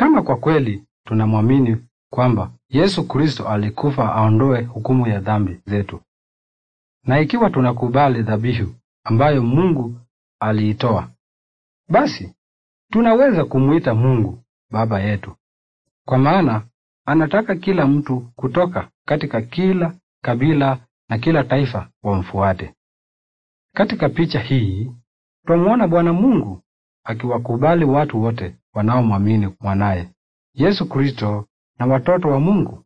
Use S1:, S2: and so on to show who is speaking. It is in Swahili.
S1: Kama kwa kweli tunamwamini kwamba Yesu Kristo alikufa aondoe hukumu ya dhambi zetu, na ikiwa tunakubali dhabihu ambayo Mungu aliitoa, basi tunaweza kumwita Mungu Baba yetu, kwa maana anataka kila mtu kutoka katika kila kabila na kila taifa wamfuate. Katika picha hii twamwona Bwana Mungu akiwakubali watu wote wanaomwamini mwanaye Yesu Kristo na watoto wa Mungu.